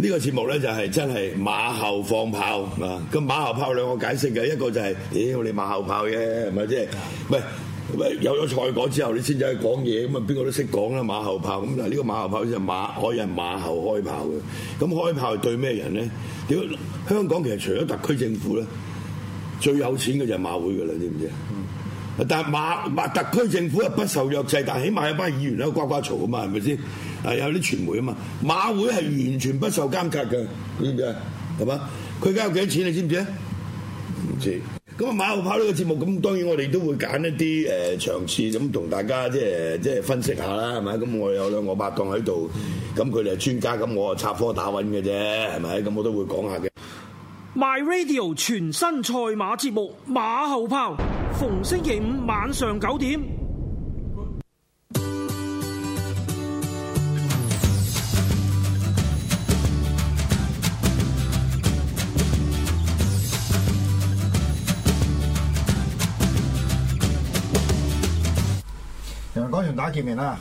呢個節目咧就係真係馬後放炮啊！個馬後炮兩個解釋嘅，一個就係，咦，我哋馬後炮嘅，唔係即係，唔係有咗賽果之後，你先至去講嘢，咁啊邊個都識講啦，馬後炮咁啊呢個馬後炮就馬，有人馬後開炮嘅，咁開炮對咩人咧？屌香港其實除咗特區政府咧，最有錢嘅就係馬會㗎喇，知唔知？但係馬，馬特區政府啊不受約制，但係起碼有班議員喺度呱呱嘈啊嘛，係咪先？係有啲傳媒啊嘛，馬會係完全不受監察嘅，知唔知啊？係嘛？佢而家有幾多錢你知唔知啊？唔知。咁啊，馬後炮呢個節目，咁當然我哋都會揀一啲誒場次咁同大家即係即係分析下啦，係咪？咁我有兩個拍檔喺度，咁佢哋係專家，咁我係插科打諢嘅啫，係咪？咁我都會講下嘅。My Radio 全新賽馬節目《馬後炮》，逢星期五晚上九點。見面啦，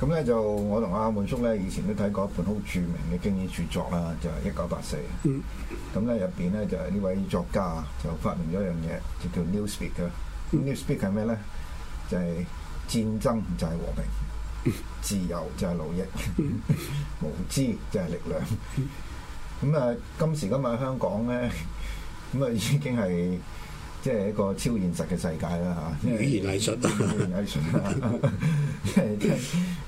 咁咧就我同阿阿滿叔咧，以前都睇過一本好著名嘅經典著作啦，就係一九八四。咁咧入邊咧就係呢位作家就發明咗一樣嘢，就叫 New Speak。嗯、New Speak 係咩咧？就係，是，戰爭就係和平，嗯、自由就係奴役，嗯、無知就係力量。咁啊，嗯，今時今日香港咧，咁啊已經係。即係一個超現實嘅世界啦嚇，語言藝術，語言藝術。 即係聽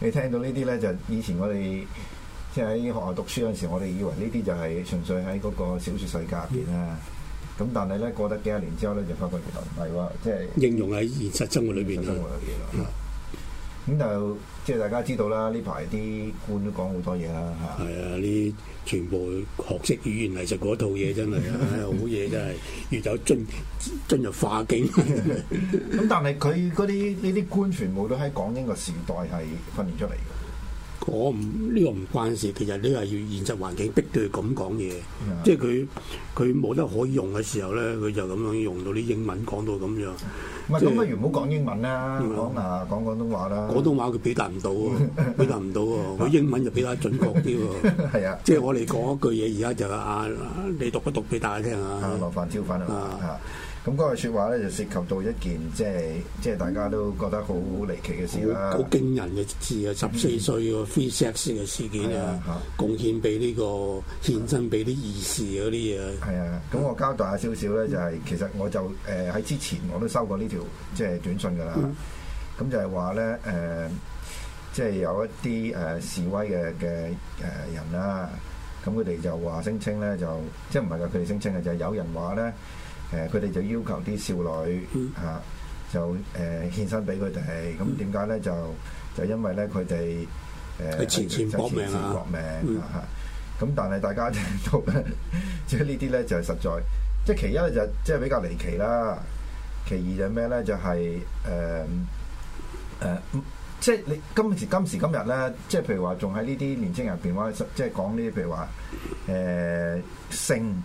你聽到呢啲咧，就以前我哋即係喺學校讀書嗰陣時，我哋以為呢啲就係純粹喺嗰個小説世界入邊啦。咁、嗯、但係咧過得幾十年之後咧，就發覺唔係喎，即係應用喺現實生活裏邊生活裏邊啦。咁就即係大家知道啦，呢排啲官都講好多嘢啦，嚇。係啊，呢全部學識語言藝術嗰套嘢真係好嘢，真係越走進進入化境。咁但係佢嗰啲呢啲官全部都喺港英個時代係訓練出嚟嘅。我唔呢、呢個唔關事，其實你係要現實環境逼到佢咁講嘢，啊、即係佢佢冇得可以用嘅時候咧，佢就咁樣用到啲英文講到咁樣。唔咁、嗯，就是、不如唔好講英文啦，講啊講廣東話啦。廣東話佢表達唔到，表達唔到喎。佢 英文就比較準確啲喎。啊， 即係我哋講一句嘢，而家就啊，你讀一讀俾大家聽啊。啊，羅范椒芬啊！ 咁嗰、嗯那個説話咧，就涉及到一件即係即係大家都覺得好離奇嘅事啦。好、嗯、驚人嘅事啊！十四歲個非性別嘅事件啊，貢獻俾呢個獻身俾啲義士嗰啲嘢。係啊，咁我交代下少少咧，就係、是、其實我就誒喺、呃、之前我都收過呢條即係短信㗎啦。咁、嗯、就係話咧誒，即係有一啲誒、呃、示威嘅嘅誒人啦。咁佢哋就話聲稱咧，就即係唔係佢哋聲稱嘅，就係、是就是、有人話咧。誒佢哋就要求啲少女嚇、嗯啊、就誒、呃、獻身俾佢哋，咁點解咧？就就因為咧佢哋誒就搏命咁、啊啊嗯、但係大家即係即係呢啲咧就係實在，即係其一就即係比較離奇啦。其二就咩咧？就係誒誒，即係你今時今時今日咧，即係譬如話仲喺呢啲年青人入邊話，即係講呢啲譬如話誒、呃、性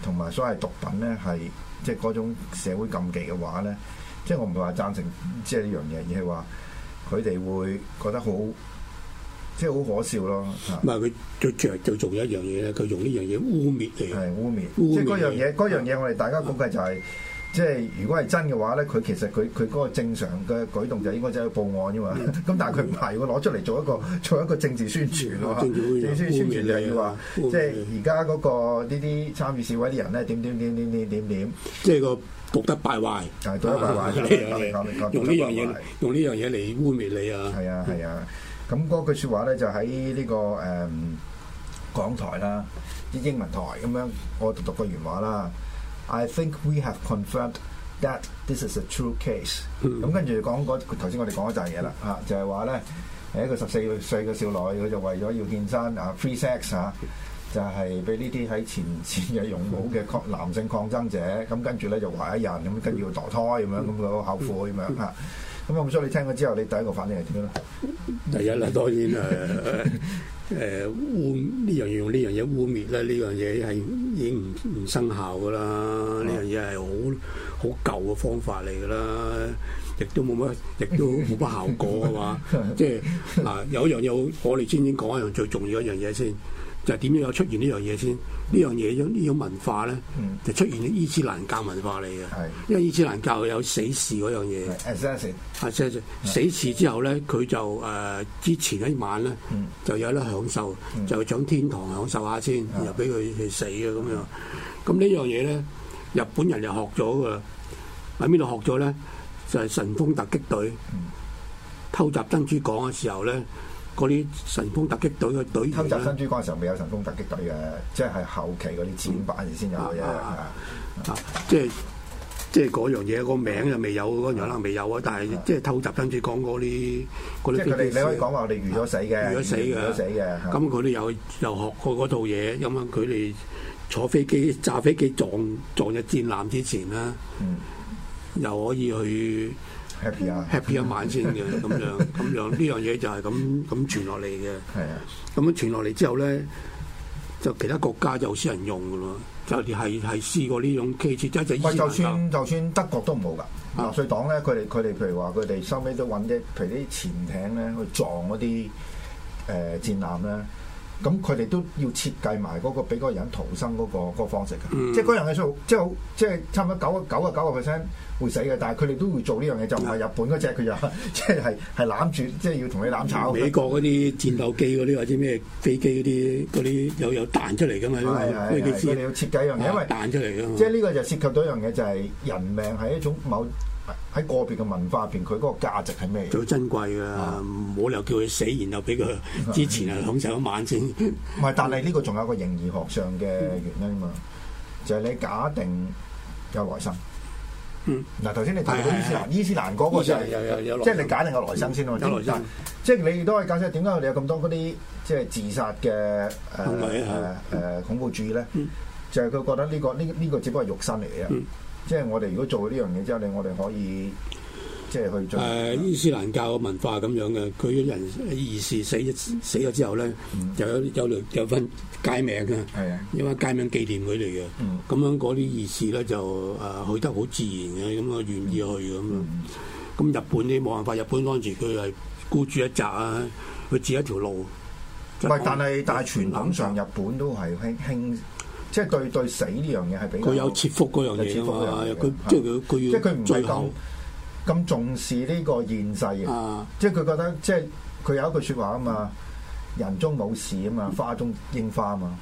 同埋所謂毒品咧係。即係嗰種社會禁忌嘅話咧，即係我唔係話贊成即係呢樣嘢，而係話佢哋會覺得好，即係好可笑咯。唔係佢著著就做一樣嘢咧，佢用呢樣嘢污蔑你，係污蔑，即係嗰樣嘢嗰樣嘢，我哋大家估計就係。即係如果係真嘅話咧，佢其實佢佢嗰個正常嘅舉動就應該走去報案啫嘛。咁但係佢唔係，佢攞出嚟做一個做一個政治宣傳咯。政治宣傳嚟嘅話，即係而家嗰個呢啲參與示威啲人咧，點點點點點點點。即係個道德敗壞，道德敗壞。用呢樣嘢，用呢樣嘢嚟污蔑你啊！係啊係啊。咁嗰句説話咧，就喺呢個誒港台啦，啲英文台咁樣，我讀讀個原話啦。I think we have confirmed that this is a true case、mm。咁、hmm. 跟住講嗰頭先，我哋講嗰陣嘢啦，嚇、啊、就係話咧，係一個十四歲嘅少女，佢就為咗要健身啊、uh，free sex 嚇、啊，就係俾呢啲喺前線嘅勇武嘅抗男性抗爭者，咁、啊、跟住咧就懷一人，咁、啊、跟住又墮胎咁樣，咁佢好後悔咁樣嚇。咁所以，hmm. 啊、你聽咗之後，你第一個反應係點咧？第一啦，當然啦。 誒、呃、污呢樣嘢用呢樣嘢污蔑咧，呢樣嘢係已經唔唔生效噶啦，呢樣嘢係好好舊嘅方法嚟噶啦，亦都冇乜，亦都冇乜效果嘅嘛。 即係啊，有一樣嘢我哋先先講一樣最重要一樣嘢先。就點樣有出現呢樣嘢先？呢、嗯、樣嘢呢種文化咧，就出現咗伊斯蘭教文化嚟嘅。是因為伊斯蘭教有死士嗰樣嘢，死士之後咧，佢就誒、呃、之前一晚咧，就有得享受，嗯、就上天堂享受下先，又俾佢去死嘅咁、嗯、樣。咁呢樣嘢咧，日本人就學咗噶啦。喺邊度學咗咧？就係、是、神風特擊隊偷襲珍珠港嘅時候咧。嗰啲神風特擊隊嘅隊，偷襲珍珠港嘅時候未有神風特擊隊嘅。即係後期嗰啲展板先有嘅，即係即係嗰樣嘢，個名又未有，嗰可能未有啊。但係即係偷襲珍珠港嗰啲啲，你可以講話我哋預咗死嘅，預咗死嘅，死嘅。咁佢哋又又學過嗰套嘢，咁樣佢哋坐飛機炸飛機撞撞入戰艦之前啦，又可以去。happy 啊，happy 一晚先嘅咁 樣，咁樣呢樣嘢就係咁咁傳落嚟嘅。係啊， 咁 樣傳落嚟之後咧，就其他國家有少人用噶咯。就係係係試過呢種 case，即係一喂，就算就算德國都唔好噶，納粹、啊、黨咧，佢哋佢哋譬如話，佢哋收尾都揾啲，譬如啲潛艇咧去撞嗰啲誒戰艦咧。咁佢哋都要設計埋、那、嗰個俾嗰個人逃生嗰、那個那個方式嘅，嗯、即係嗰人嘅數，即係好，即係差唔多九九啊九個 percent 會死嘅，但係佢哋都會做呢樣嘢，就唔係日本嗰隻，佢、嗯、就是，即係係係攬住，即係要同你攬炒。美國嗰啲戰鬥機嗰啲或者咩飛機嗰啲嗰啲又有彈出嚟㗎嘛？呢你要設計一、這、樣、個，啊、因為彈出嚟㗎嘛。即係呢個就涉及到一樣嘢、就是，就係人命係一種某。喺個別嘅文化入邊，佢嗰個價值係咩嘢？最珍貴噶，冇理由叫佢死，然後俾佢之前啊享受一晚先。唔係，但係呢個仲有個形而上學嘅原因啊，就係你假定有來生。嗱，頭先你提到伊斯蘭，伊斯蘭嗰個就係即係你假定有來生先啊嘛？有來生，即係你都可以解釋點解佢哋有咁多嗰啲即係自殺嘅誒誒恐怖主義咧？就係佢覺得呢個呢呢個只不過係肉身嚟嘅。即係我哋如果做咗呢樣嘢之後你我哋可以即係去做。誒、啊，伊斯蘭教嘅文化咁樣嘅，佢啲人儀事死死咗之後咧，嗯、就有有有份街名嘅，因為、嗯、街名紀念佢哋嘅。咁、嗯、樣嗰啲意事咧就誒、啊、去得好自然嘅，咁啊願意去咁咁、嗯、日本咧冇辦法，日本當時佢係孤注一擲啊，佢自一條路。唔但係是安但係傳統上日本都係興興。即係對對死呢樣嘢係比較佢有切腹嗰樣嘢啊！佢即係佢佢要即係佢唔係咁咁重視呢個現世啊！即係佢覺得即係佢有一句説話啊嘛。人中冇事啊嘛，花中櫻花啊嘛，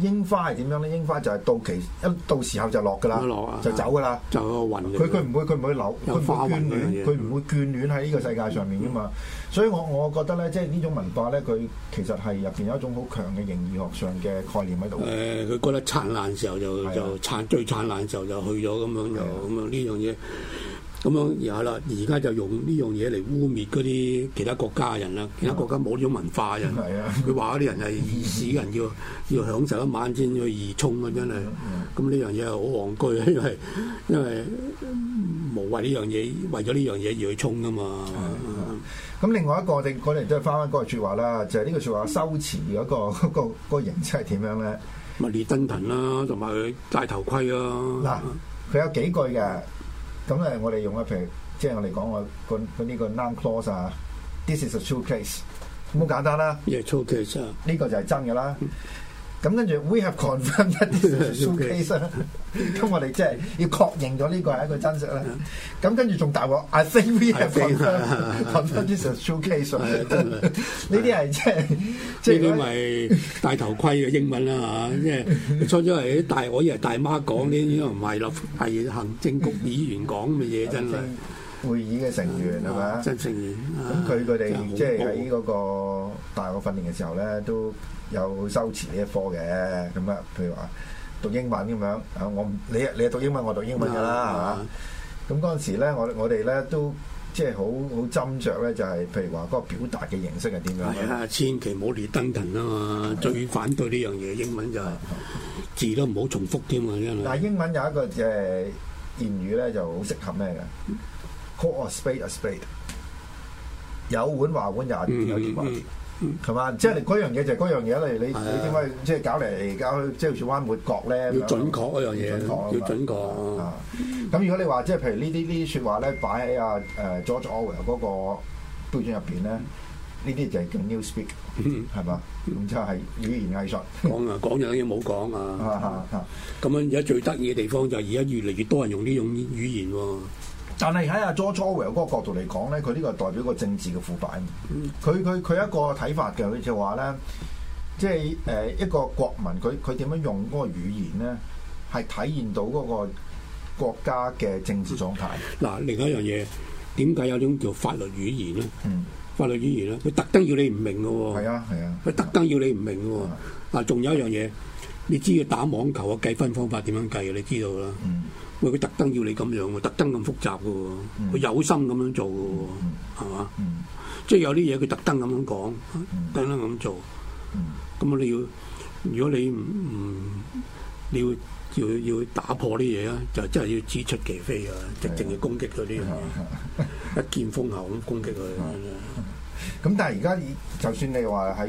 櫻花係點樣咧？櫻花就係到期一到時候就落㗎啦，就走㗎啦，就暈。佢佢唔會佢唔會，會留，佢唔會眷戀，佢唔會，會眷戀喺呢個世界上面㗎嘛。嗯、所以我我覺得咧，即係呢種文化咧，佢其實係入邊有一種好強嘅形而上學上嘅概念喺度。誒、呃，佢覺得燦爛時候就的就燦最燦爛時候就去咗咁樣就咁樣呢樣嘢。咁樣又係啦，而家就用呢樣嘢嚟污蔑嗰啲其他國家嘅人啦，其他國家冇呢種文化人啊，佢話嗰啲人係異士人，要 要享受一晚先去而衝啊，真係、啊，咁呢樣嘢好戇居。啊，因為因為冇謂呢樣嘢，為咗呢樣嘢而去衝噶嘛。咁、啊啊啊、另外一個我哋嗰陣真係翻翻嗰句説話啦，就係、是那個那個、呢句説話修辭嗰個嗰形式係點樣咧？咪列登騰啦、啊，同埋佢戴頭盔啊。嗱、啊，佢有幾句嘅。啊。咁咧，我哋用一譬如，即係我哋講、我個個呢個 noun clause 啊，this is a true case，咁簡單啦。Yeah, true case 啊。呢個就係真嘅啦。 咁跟住，we have confirmed a few cases。咁我哋即係要確認咗呢個係一個真實啦。咁跟住仲大鑊，I think we have confirmed confirmed a few cases。呢啲係即係即係，呢啲咪戴頭盔嘅英文啦嚇。即係初初係大，我以為大媽講啲，依個唔係立係行政局議員講嘅嘢真係。會議嘅成員係咪啊？真成員。咁佢佢哋即係喺嗰個大學訓練嘅時候咧，都。有修辭呢一科嘅咁啊，樣譬如話讀英文咁樣我你你讀英文，我讀英文㗎啦嚇。咁嗰陣時咧，我我哋咧都即係好好斟酌咧，就係譬如話嗰個表達嘅形式係點樣？係、哎、啊，千祈唔好亂登騰啊嘛，最反對呢樣嘢。英文就字都唔好重複添啊嘛。嗱，英文有一個誒言語咧，就好適合咩嘅、嗯、？Call a spade a spade，有碗話碗廿有廿條。嗯係嘛、就是，即係嗰樣嘢就係嗰樣嘢。例如你你點解即係搞嚟搞去即係彎抹角咧？要準確嗰樣嘢，準要準確。咁如果你話即係譬如呢啲呢啲説話咧，擺喺阿誒 George Orwell 嗰個標準入邊咧，呢啲就係叫 newspeak，係嘛？咁即係語言藝術講啊，講有嘢冇講啊。咁樣而家最得意嘅地方就係而家越嚟越多人用呢種語言喎、喔。但係喺阿 Orwell 嗰個角度嚟講咧，佢呢個代表個政治嘅腐敗。佢佢佢一個睇法嘅，佢就話、是、咧，即係誒一個國民，佢佢點樣用嗰個語言咧，係體現到嗰個國家嘅政治狀態。嗱，另一樣嘢，點解有種叫法律語言咧？嗯、法律語言咧，佢特登要你唔明㗎喎。係啊，係啊。佢、啊、特登要你唔明㗎喎。嗱，仲、啊、有一樣嘢。你知佢打網球嘅計分方法點樣計啊？你知道啦。喂，佢特登要你咁樣喎，特登咁複雜嘅喎，佢有心咁樣做嘅喎，係嘛？即係有啲嘢佢特登咁樣講，特登咁做。咁你要如果你唔你要要要打破啲嘢啊，就真係要指出其非啊，直情淨係攻擊佢呢樣嘢，一劍封喉咁攻擊佢。咁但係而家，就算你話喺誒，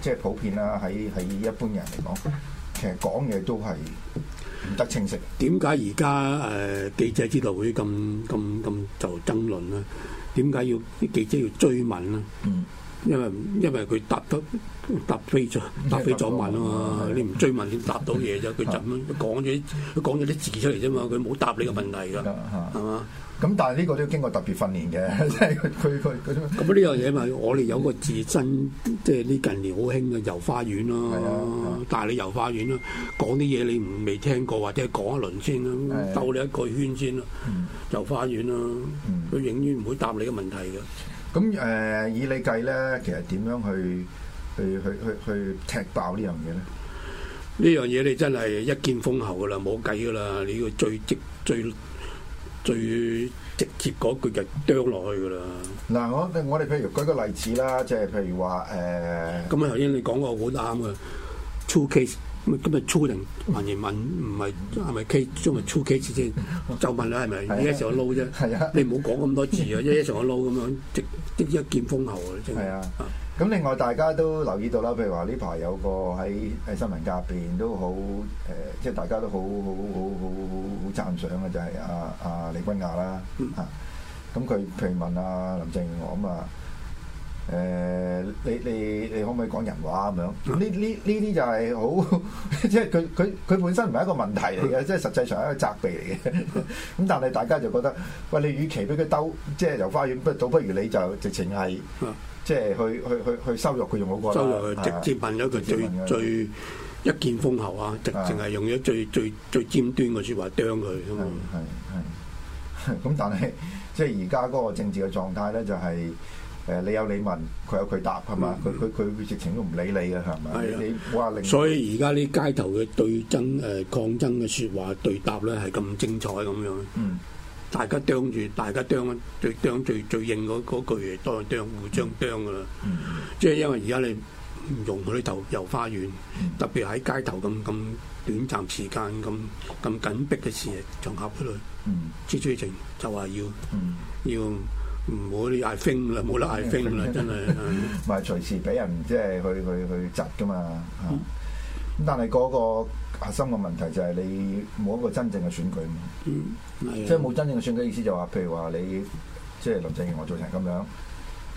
即係普遍啦，喺喺一般人嚟講，其實講嘢都係唔得清晰。點解而家誒記者招待會咁咁咁就爭論咧？點解要啲記者要追問咧？嗯。因為因為佢答得答非所答非所問啊嘛，嗯嗯、你唔追問，你答到嘢啫。佢就咁講咗啲、嗯、講咗啲字出嚟啫嘛，佢冇答你個問題㗎，係嘛？咁但係呢個都要經過特別訓練嘅，即係佢佢佢。咁呢樣嘢咪我哋有個自身，即係呢近年好興嘅遊花園咯。係啊，嗯嗯、但係你遊花園咯、啊，講啲嘢你唔未聽過，或者講一輪先啦、啊，兜你一個圈先啦、啊，遊花園咯、啊，佢永遠唔會答你個問題㗎。咁誒、嗯、以你計咧，其實點樣去去去去去，去踢爆呢樣嘢咧？呢樣嘢你真係一見封喉噶啦，冇計噶啦！你要最直最最直接嗰句就啄落去噶啦。嗱、嗯，我我哋譬如舉個例子啦，即係譬如話誒。咁頭先你講個好啱嘅 two case。今日粗人問完問唔係係咪 K 將咪初 K 先？係係 case, case, 就問係係 你係咪 而家成我撈啫？啊，你唔好講咁多字啊！一成我撈咁樣，即即一劍封喉啊！即係。係啊。咁另外大家都留意到啦，譬如話呢排有個喺喺新聞界邊都好誒，即、呃、係大家都好好好好好好讚賞嘅、啊、就係阿阿利君雅啦嚇。咁佢譬如問阿、啊、林鄭月娥咁啊。誒，你你你可唔可以講人話咁樣？呢呢呢啲就係好，即係佢佢佢本身唔係一個問題嚟嘅，即係實際上係一個責備嚟嘅。咁但係大家就覺得，喂，你與其俾佢兜，即係遊花園不倒，不如你就直情係，即係去去去去羞辱佢用嗰個。羞辱佢，直接問咗佢對，最最一劍封喉啊！直情係用咗最最最尖端嘅説話釘佢。係係咁但係，即係而家嗰個政治嘅狀態咧，就係。誒、啊，你有你問，佢有佢答，係嘛？佢佢佢會直情都唔理你嘅，係咪？你你所以而家啲街頭嘅對爭、誒、呃、抗爭嘅説話對答咧，係咁精彩咁樣。嗯，大，大家啄住，大家啄最啄最最硬嗰嗰句，當然啄互相啄噶啦。即係、嗯、因為而家你唔容許頭遊花園，嗯、特別喺街頭咁咁短暫時間、咁咁緊迫嘅事嘢場合咗啦。嗯，最最直情就話要，要。要要要要要要要唔會 I think 啦，冇得 I think 啦，真係是。唔係 隨時俾人即係、就是、去去去窒㗎嘛。咁、嗯、但係嗰個核心嘅問題就係你冇一個真正嘅選舉嘛。嗯，即係冇真正嘅選舉，意思就話，譬如話你即係林鄭月娥做成咁樣，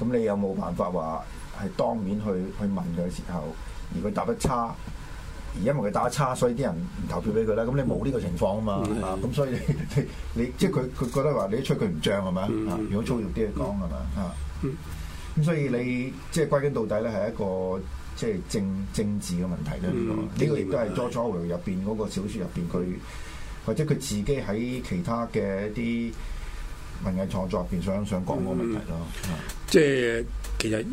咁你有冇辦法話係當面去去問佢嘅時候，而佢答得差？因為佢打差，所以啲人唔投票俾佢啦。咁你冇呢個情況啊嘛，咁的所以你即係佢佢覺得話你一出佢唔漲係咪？的的如果粗俗啲嚟講係咪？啊，咁的所以你即係歸根到底咧，係一個即係政政治嘅問題咧。呢的個亦都係佐治奧威爾入邊嗰個小説入邊佢或者佢自己喺其他嘅一啲文藝創作入邊想想講嗰個問題咯。即係其實。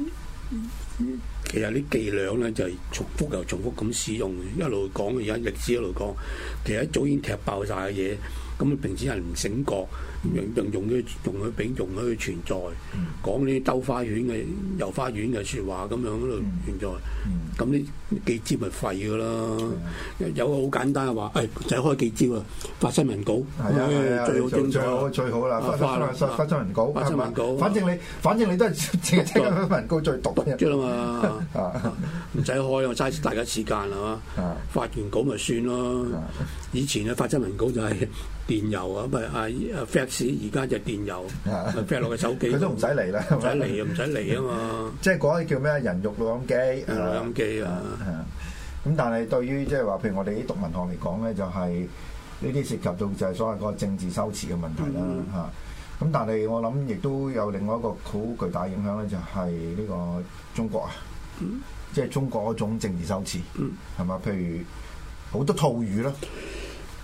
嗯其實啲伎倆咧就係、是、重複又重複咁使用，一路講而家歷史一路講，其實一早已經踢爆晒嘅嘢，咁啊平時人唔醒覺。用用用啲用佢俾用佢存在，講啲兜花園嘅遊花園嘅説話咁樣喺度存在，咁呢記招咪廢㗎啦！有個好簡單嘅話，誒，唔使開記招啊，發新聞稿，最好最好啦，發新聞稿，新聞稿，發新聞稿，反正你反正你都係即刻發新聞稿最獨啫嘛，唔使開，我嘥大家時間啦，發完稿咪算咯。以前嘅發新聞稿就係電郵啊，咁啊而家就電郵，飛 手機。佢 都唔使嚟啦，唔使嚟唔使嚟啊嘛。即係嗰啲叫咩人肉錄音機、錄音機啊。咁 但係對於即係話，譬如我哋啲讀文學嚟講咧，就係呢啲涉及到就係所謂個政治修辭嘅問題啦。嚇、嗯！咁但係我諗亦都有另外一個好巨大影響咧，就係、是、呢個中國啊，即係、嗯、中國嗰種政治修辭，係嘛？譬如好多套語啦。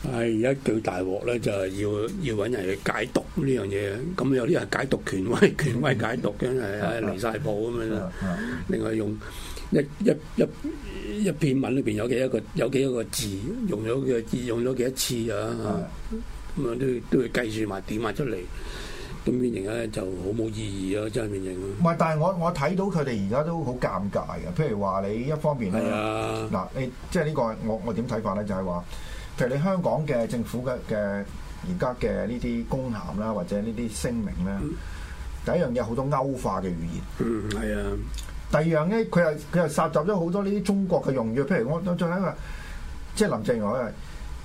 係而家最大鑊咧，就係要要揾人去解讀呢樣嘢。咁有啲人解讀權威，權威解讀嘅，係離晒譜咁樣。 另外用一一一一篇文裏邊有幾多個有幾多個字，用咗嘅字用咗幾多次啊？咁啊 都都要計算埋點埋出嚟。咁變形咧就好冇意義咯、啊，真係變形。唔係，但係我我睇到佢哋而家都好尷尬嘅。譬如話你一方面咧，嗱是、啊、你即係呢個我我點睇法咧，就係、是、話。譬如你香港嘅政府嘅嘅而家嘅呢啲公函啦，或者呢啲聲明咧，第一樣嘢好多歐化嘅語言，嗯，係啊。第二樣咧，佢又佢又涉及咗好多呢啲中國嘅用語，譬如我我最近話，即係林鄭月娥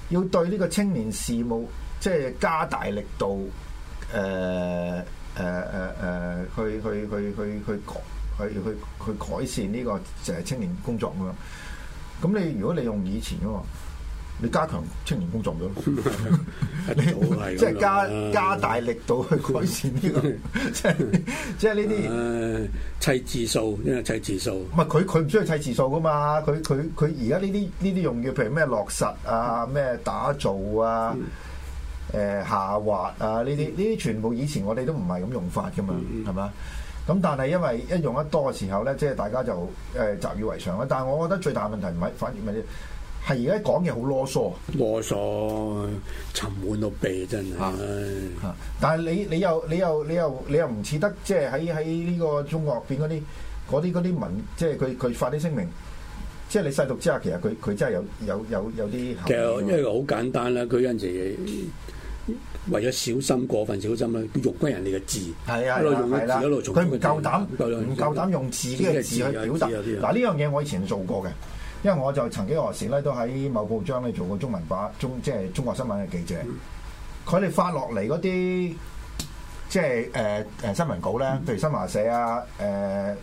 要對呢個青年事務即係加大力度，誒誒誒誒，去去去去去改去去去，去改善呢、這個誒青年工作咁樣。咁你如果你用以前嘅話，你加強青年工作唔好即係加加大力度去改善呢、呢個，即係即係呢啲砌字數，因為砌字數。唔係佢佢唔需要砌字數噶嘛，佢佢佢而家呢啲呢啲用語，譬如咩落實啊、咩打造啊、誒、嗯呃、下滑啊呢啲，呢啲全部以前我哋都唔係咁用法噶嘛，係嘛、嗯？咁但係因為一用得多嘅時候咧，即係大家就誒習以為常啦。但係我覺得最大問題唔係，反而係，係而家講嘢好囉嗦，囉嗦沉滿到鼻真係。嚇、啊啊！但係你你又你又你又你又唔似得，即係喺喺呢個中國邊嗰啲嗰啲啲文，即係佢佢發啲聲明，即係你細讀之下，其實佢佢真係有有有有啲因為好簡單啦，佢有陣時為咗小心過分小心啦，佢、啊、用翻人哋嘅字，係啊係啦係啦，佢唔夠膽唔夠膽用自己嘅字去表達。嗱呢樣嘢我以前做過嘅。因為我就曾幾何時咧都喺某報章咧做過中文版中即係中國新聞嘅記者，佢哋發落嚟嗰啲即係誒誒新聞稿咧，譬如新華社啊、誒誒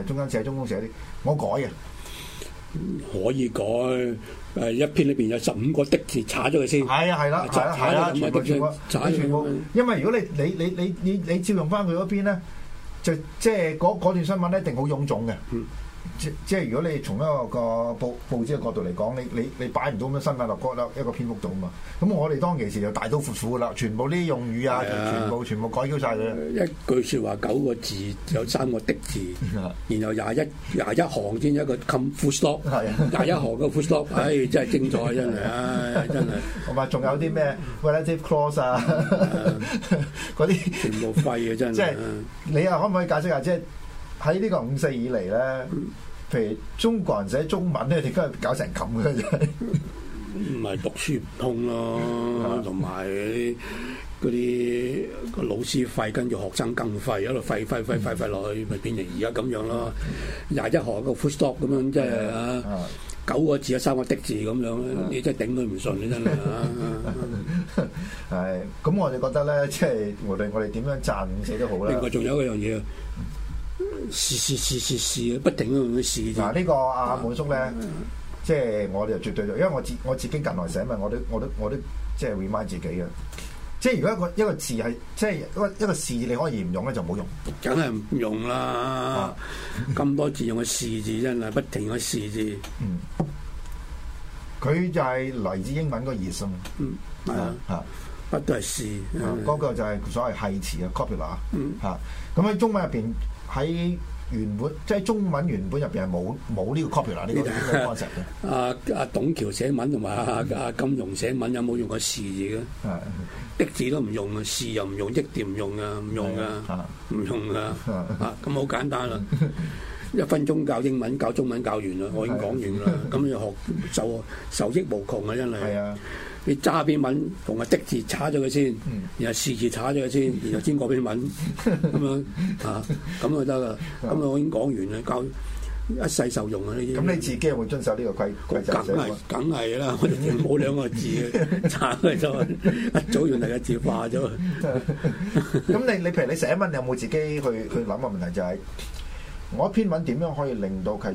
誒中央社、中通社啲，我改啊，可以改誒、呃、一篇裏邊有十五個的字，拆咗佢先。係啊，係啦，拆啦咁啊，的全部。因為如果你你你你你照用翻佢嗰邊咧，就即係嗰段新聞一定好臃腫嘅。即即係如果你從一個個報報紙嘅角度嚟講，你你你擺唔到咁樣新聞立哥啦，一個篇幅度啊嘛。咁我哋當其時就大刀闊斧啦，全部呢啲用語啊，全部全部改咗晒佢。一句説話九個字，有三個的字，然後廿一廿一行先一個 come full stop，廿一的行嘅 full stop，唉、哎、真係精彩真係，唉真係。同埋仲有啲咩 relative clause 啊的，嗰啲 些全部廢啊真係。即係你又可唔可以解釋下即係？喺呢個五四以嚟咧，譬如中國人寫中文咧，點解搞成咁嘅？唔 係讀書唔通咯，同埋嗰啲老師廢，跟住學生更廢，一路廢廢廢廢落去，咪變成而家咁樣咯。廿一行個 first stop 咁樣，即、就、係、是、啊，九個字啊，三個的字咁樣，啊、你真係頂佢唔順啦，真係 啊！係咁、啊，我哋覺得咧，即、就、係、是、無論我哋點樣讚五四都好啦。另外，仲有一樣嘢。 事事事事事，不停去試。嗱，啊這個、呢個阿滿叔咧，語即係我哋就絕對，因為我自我自己近來寫文，我都我都我都即係 remind 自己嘅。即係如果一個一個字係，即係一個一個字，你可以唔用咧，就冇用。梗係唔用啦，咁是、啊、多字用個試字真係不停去試字。佢、 嗯、就係嚟自英文個熱信語、啊。嗯，係、嗯嗯、啊，係，乜都係試。嗰個就係所謂繫詞嘅 copula 嗯，吓，咁喺中文入邊。喺原本即係中文原本入邊，係冇冇呢個 copy 啦，呢個英 文嘅。阿董橋寫文同埋阿金庸寫文有冇用過字字嘅？ 的字都唔用，用，用，用， 用啊，字又唔用，益字唔用啊，唔用啊，唔用啊，咁好簡單啦。 一分鐘教英文教中文教完啦，我已經講完啦。咁你 學就受，受益無窮啊，真係。 你揸篇文，同埋的字炒咗佢先，然後詞字炒咗佢先，然後先過篇文咁樣啊，咁就得啦。咁我已經講完啦，教一世受用啊，啲咁你自己有冇遵守呢個規規則？梗係啦，我哋冇兩個字炒佢走，一 早完第一字化咗。咁你你譬如你寫一文，你有冇自己去去諗個問題、就是？就係我篇文點樣可以令到佢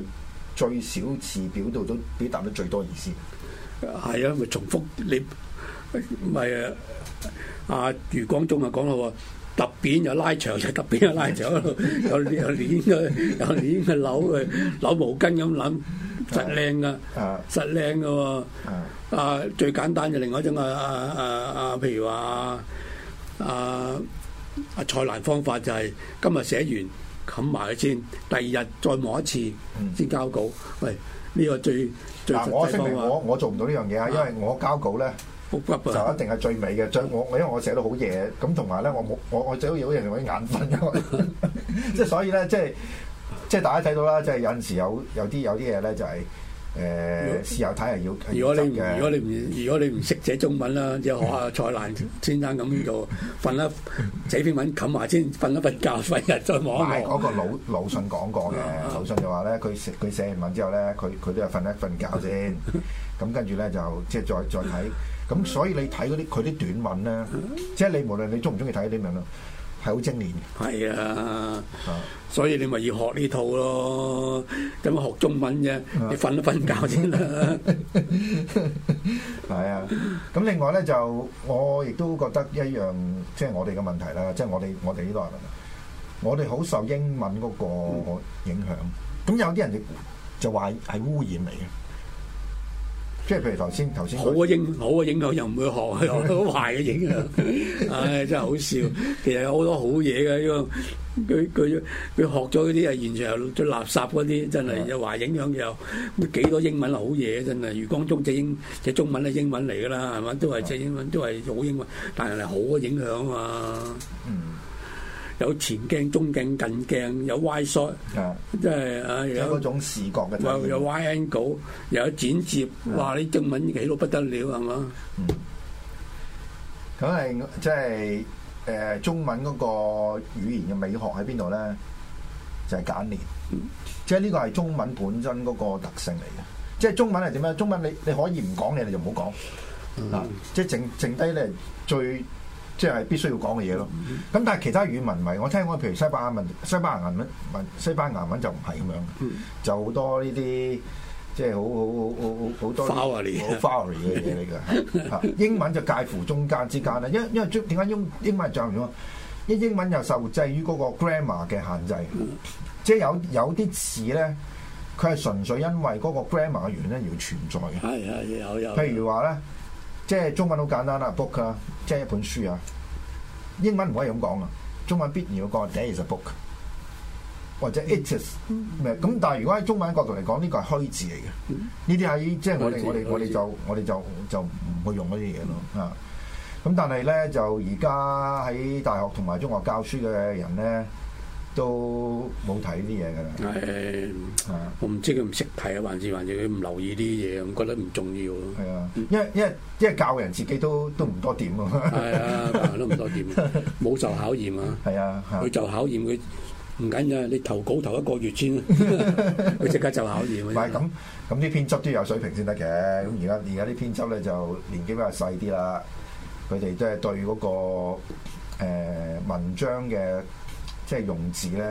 最少字表度都表達得最多，最多意思？係啊，咪重複你唔係啊？阿余光中啊講啦喎，特扁 又拉長，又特扁又拉長，又又捻個又捻個扭嘅扭毛巾咁諗，實靚噶，實靚噶啊， 啊，最簡單就另外一種啊啊啊，譬、啊啊、如話啊啊蔡瀾方法就係今日寫完冚埋佢先，第二日再磨一次先交稿。喂、嗯哎，呢、這個最～嗱，我聲明我我做唔到呢樣嘢啊，因為我交稿咧、啊、就一定係最尾嘅，最我我因為我寫到好夜，咁同埋咧我冇我我最好有啲人我已經眼瞓，即係所以咧即係即係大家睇到啦，即係有陣時有有啲有啲嘢咧就係。誒，試下睇係要，如果你如果你唔如果你唔識寫中文啦，就學下蔡瀾先生咁度瞓一寫篇文冚下先，瞓一瞓覺，瞓日再望。係嗰個魯魯迅講過嘅，魯迅就話咧，佢寫佢寫完文之後咧，佢佢都係瞓一瞓覺先，咁跟住咧就即係再再睇。咁所以你睇嗰啲佢啲短文咧，即係你無論你中唔中意睇啲文啦。係好精煉，係啊，啊所以你咪要學呢套咯，點解學中文啫？你瞓都瞓覺先啦，係啊。咁另外咧，就我亦都覺得一樣，即係我哋嘅問題啦，即係我哋我哋呢代人，我哋好受英文嗰個影響，咁、嗯、有啲人就就話係污染嚟嘅。即係譬如頭先頭先，好嘅影好嘅影響又唔會學，好壞嘅影響，唉、 哎、真係好笑。其實有好多好嘢嘅，依個佢佢佢學咗嗰啲係現場最垃圾嗰啲，真係又壞影響又幾多英文好嘢真係。余光中隻英隻中文係英文嚟㗎啦，係咪？都係隻英文都係好英文，但係係好嘅影響啊嘛。嗯有前鏡、中鏡、近鏡，有歪衰，ort, Yeah. 即係啊、uh,，有嗰種視覺嘅。有有歪 angle，又有剪接，mm. 哇！你中文幾多不得了，係嘛？Mm. 嗯，咁係即係誒中文嗰個語言嘅美學喺邊度咧？就係、是、簡練，mm. 即係呢個係中文本身嗰個特性嚟嘅。即係中文係點樣？中文你你可以唔講嘢，你就唔好講嗱，mm. 即係剩剩低咧最。即係必須要講嘅嘢咯。咁但係其他語文唔係，我聽講譬如西班牙文、西班牙文文、西班牙文就唔係咁樣，就好多呢啲即係好好好好好多。Flurry 嗰啲嘢嚟㗎。 英文就介乎中間之間啦，因為因為點解英英文就係點啊？啲英文又受制於嗰個 grammar 嘅限制， 即係有有啲詞咧，佢係純粹因為嗰個 grammar 嘅原因而存在嘅。係係有有。譬如話咧。即係中文好簡單啦，book 啊，即係一本書啊。英文唔可以咁講啊，中文必然要講 That is a book，或者 it is 咩咁。但係如果喺中文角度嚟講，呢個係虛字嚟嘅。呢啲係即係我哋字我哋我哋就字我哋就就就唔會用嗰啲嘢咯啊。咁但係咧就而家喺大學同埋中學教書嘅人咧。都冇睇啲嘢㗎，係、哎，啊、我唔知佢唔識睇啊，還是還是佢唔留意啲嘢，我覺得唔重要咯，啊。係啊，因為因為因為教人自己都都唔多掂啊，係 啊，都唔多掂，冇 受考驗啊。係啊，佢就考驗佢唔緊要，你投稿投一個月先，佢即 刻就考驗。唔係咁咁啲編輯都有水平先得嘅。咁而家而家啲編輯咧就年紀比較細啲啦，佢哋即係對嗰個文章嘅。即係用字咧，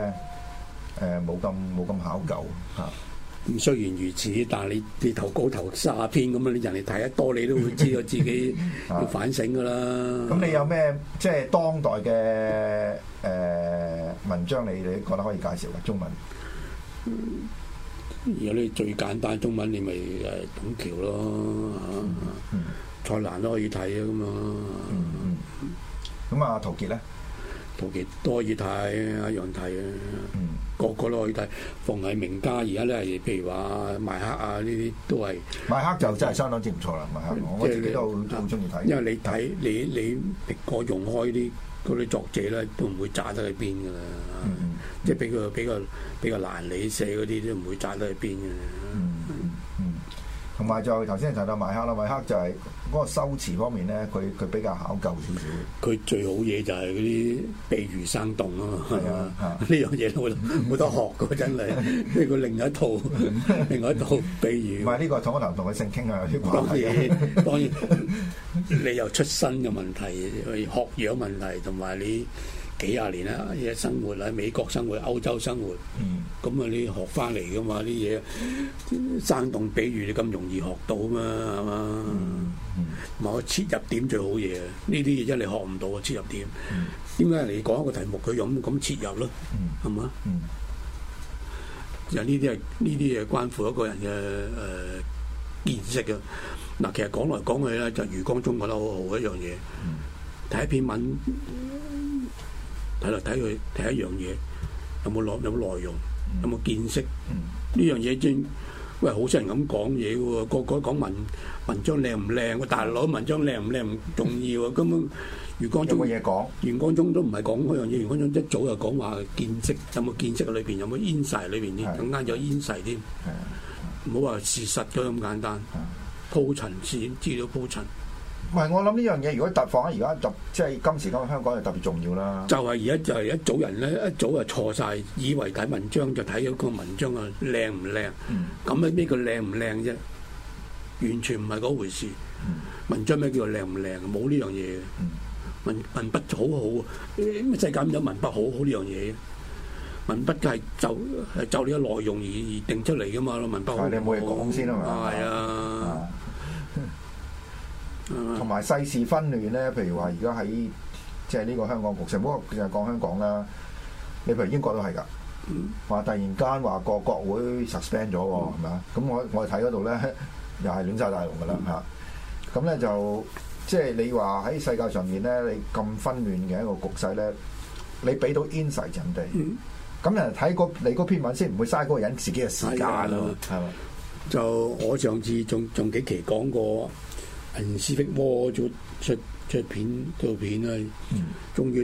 誒冇咁冇咁考究嚇。咁、啊、雖然如此，但係你你投高投卅篇咁樣，你人哋睇得多，你都會知道自己要反省噶啦。咁、 啊、你有咩即係當代嘅誒、呃、文章嚟？你覺得可以介紹嘅中文？如果你最簡單中文，你咪董橋咯嚇、啊嗯。嗯，蔡瀾都可以睇啊嘛。咁啊、嗯，嗯嗯、陶傑咧？同期多嘢睇，一樣睇嘅，嗯、個個都可以睇。凡係名家，而家咧，譬如話邁克啊，呢啲都係邁克就真係相當之唔錯啦。邁、嗯、克，就是、我自己都好好中意睇。因為你睇、嗯、你你個用開啲嗰啲作者咧，都唔會賺得去邊嘅啦。即係、嗯嗯、比較比較比較難理寫嗰啲，都唔會賺得去邊嘅。嗯同埋就係頭先提到麥克啦，麥克就係嗰個修辭方面咧，佢佢比較考究少少。佢最好嘢就係嗰啲比喻生動啊嘛，係啊的，呢樣嘢都冇得學嘅真係，呢個另一套， 另外一套比喻。唔係呢個同一，我頭同佢性傾啊，嘢。當然，你又出身嘅問題，學養問題，同埋你。幾廿年啦，嘢生活喺美國生活、喺歐洲生活，咁啊、嗯，你學翻嚟噶嘛啲嘢，生動比喻你咁容易學到嘛，係嘛？嗯嗯、某個切入點最好嘢，呢啲嘢真係你學唔到嘅。切入點，點解、嗯、你講一個題目佢咁咁切入咯？係嘛？就呢啲係呢啲嘢關乎一個人嘅誒、呃、見識啊。嗱，其實講來講去咧，就余、是、光中覺得好好一樣嘢，睇、嗯、一篇文。睇嚟睇佢睇一樣嘢，有冇內有冇內容，有冇見識？呢樣嘢先喂，好少人咁講嘢喎，個個講文文章靚唔靚？但係攞文章靚唔靚唔重要啊！根本余光中余光中都唔係講嗰樣嘢，余光中一早就講話見識有冇見識裏邊有冇煙勢裏邊啲，更加有煙勢添。唔好話事實咗咁簡單，鋪陳先資料鋪陳。唔係，我諗呢樣嘢，如果突放喺而家，特即係今時今日香港就特別重要啦。就係而家就係一組人咧，一早就錯晒，以為睇文章就睇咗個文章啊靚唔靚？咁咩咩叫靚唔靚啫？完全唔係嗰回事。嗯、文章咩叫靚唔靚？冇呢樣嘢嘅。文文筆好好，咩世界有文筆好好呢樣嘢嘅？文筆係就係就呢個內容而而定出嚟噶嘛？文筆好，好。你冇嘢講先啊嘛。係啊。同埋世事紛亂咧，譬如話而家喺即係呢個香港局勢，不過淨係講香港啦。你譬如英國都係噶，話、嗯、突然間話個國會 suspend 咗，係咪啊？咁我我睇嗰度咧，又係亂晒大龍噶啦吓。咁咧、嗯嗯、就即係你話喺世界上面咧，你咁紛亂嘅一個局勢咧，你俾到 insight 人哋，咁、嗯、人睇過你嗰篇文先唔會嘥嗰個人自己嘅時間咯。係嘛的？吧就我上次仲仲幾期講過。陳思斌播咗出出片套片、啊嗯、終於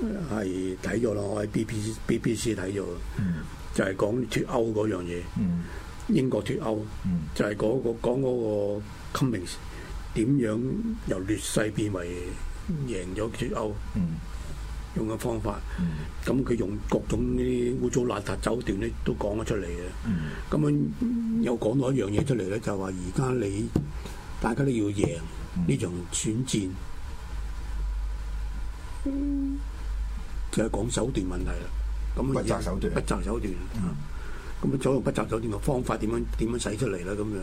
啦，終於係睇咗啦，我喺 B B C B B C 睇咗，就係講脫歐嗰樣嘢，嗯、英國脫歐，就係嗰個講嗰個 Cummings 點樣由劣勢變為贏咗脫歐，用嘅方法，咁佢用各種呢啲污糟邋遢手段咧都講咗出嚟嘅，咁樣有講到一樣嘢出嚟咧，就係話而家你。大家都要贏呢、嗯、場選戰，嗯、就係講手段問題啦。咁不擇手段，嗯、不擇手段。咁啊、嗯，講到不擇手段嘅方法，點樣點樣使出嚟啦？咁樣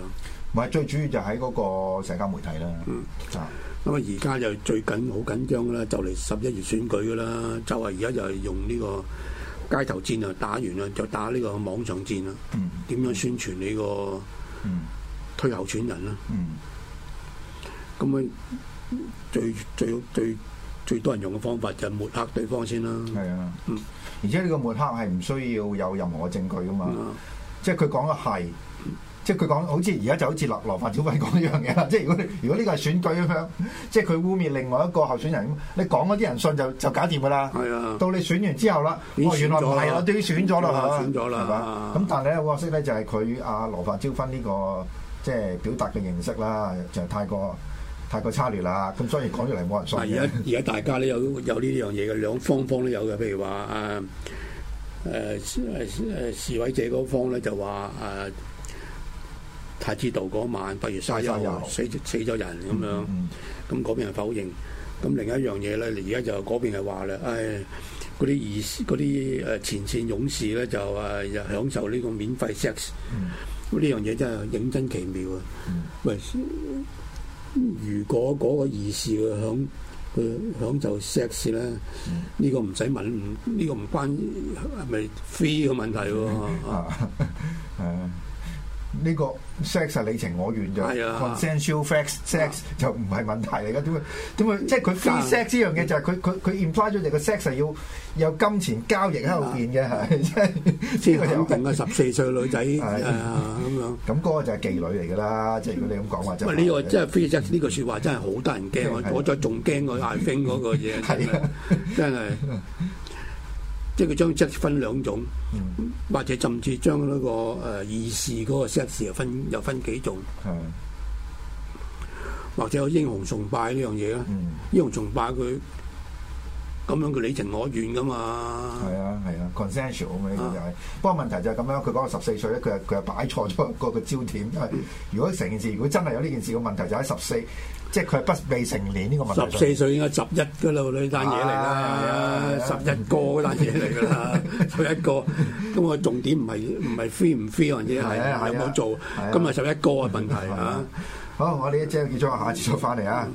唔係最主要就喺嗰個社交媒體啦。咁、嗯、啊，而家就最緊好緊張啦，就嚟十一月選舉噶啦。就係而家就係用呢個街頭戰啊，打完啦，就打呢個網上戰啦。點、嗯嗯、樣宣傳你個推候選人啦？嗯嗯嗯咁樣最最最最多人用嘅方法就係抹黑對方先啦。係啊，而且呢個抹黑係唔需要有任何嘅證據噶嘛。是的 即係佢講嘅係，即係佢講好似而家就好似羅羅范椒芬講一樣嘢啦。即係如果如果呢個係選舉咁樣，即係佢污蔑另外一個候選人，你講嗰啲人信就就搞掂㗎啦。係啊，到你選完之後啦、哦，原來唔係啦，都要選咗啦、啊，選咗啦吧，係嘛、嗯？咁但係好可惜咧，就係佢阿羅范椒芬呢個即係表達嘅形式啦，就係太過。太過差劣啦，咁所以講出嚟冇人相信。而家而家大家咧有有呢樣嘢嘅，兩方方都有嘅。譬如話誒誒示威者嗰方咧就話誒、啊、太子道嗰晚不如殺油歐歐死死咗人咁樣，咁嗰、嗯嗯嗯、邊係否認。咁另一樣嘢咧，而家就嗰邊係話咧，誒嗰啲義啲誒前線勇士咧就誒又、啊、享受呢個免費 sex、嗯。咁呢樣嘢真係認真奇妙啊！咪、嗯？喂如果嗰個意思響，佢響就 sex 咧，呢、嗯、個唔使問，呢、這個唔關係咪 free 嘅問題喎。呢個 sex 係你情我願就係啊，consensual sex sex 就唔係問題嚟㗎，點點解？即係佢 free sex 呢樣嘢就係佢佢佢 imply 咗你個 sex 係要有金錢交易喺度變嘅，即係即、呢個就勁、是、啊！十四歲女仔係咁樣，咁嗰個就係妓女嚟㗎啦，即係佢哋咁講話就。唔係呢個即係 free sex 呢個説話真係好得人驚，我我再仲驚過 Iving 嗰個嘢，真係。即係佢將質分兩種，嗯、或者甚至將嗰、那個誒、呃、議事嗰個 set 事又分又分幾種，嗯、或者有英雄崇拜呢樣嘢咧？嗯、英雄崇拜佢。咁樣佢你情我願噶嘛？係啊係啊，consensual 咁樣就係。不過問題就係咁樣，佢講十四歲咧，佢佢擺錯咗個個焦點。如果成件事，如果真係有呢件事嘅問題，就喺十四，即係佢係不未成年呢個問題。十四歲應該十一嗰度呢單嘢嚟啦，十一個嗰單嘢嚟噶啦，十一個。咁我重點唔係唔係 free 唔 free 或者係有冇做，咁係十一個嘅問題啊。好，我呢一節結束，下次再翻嚟啊。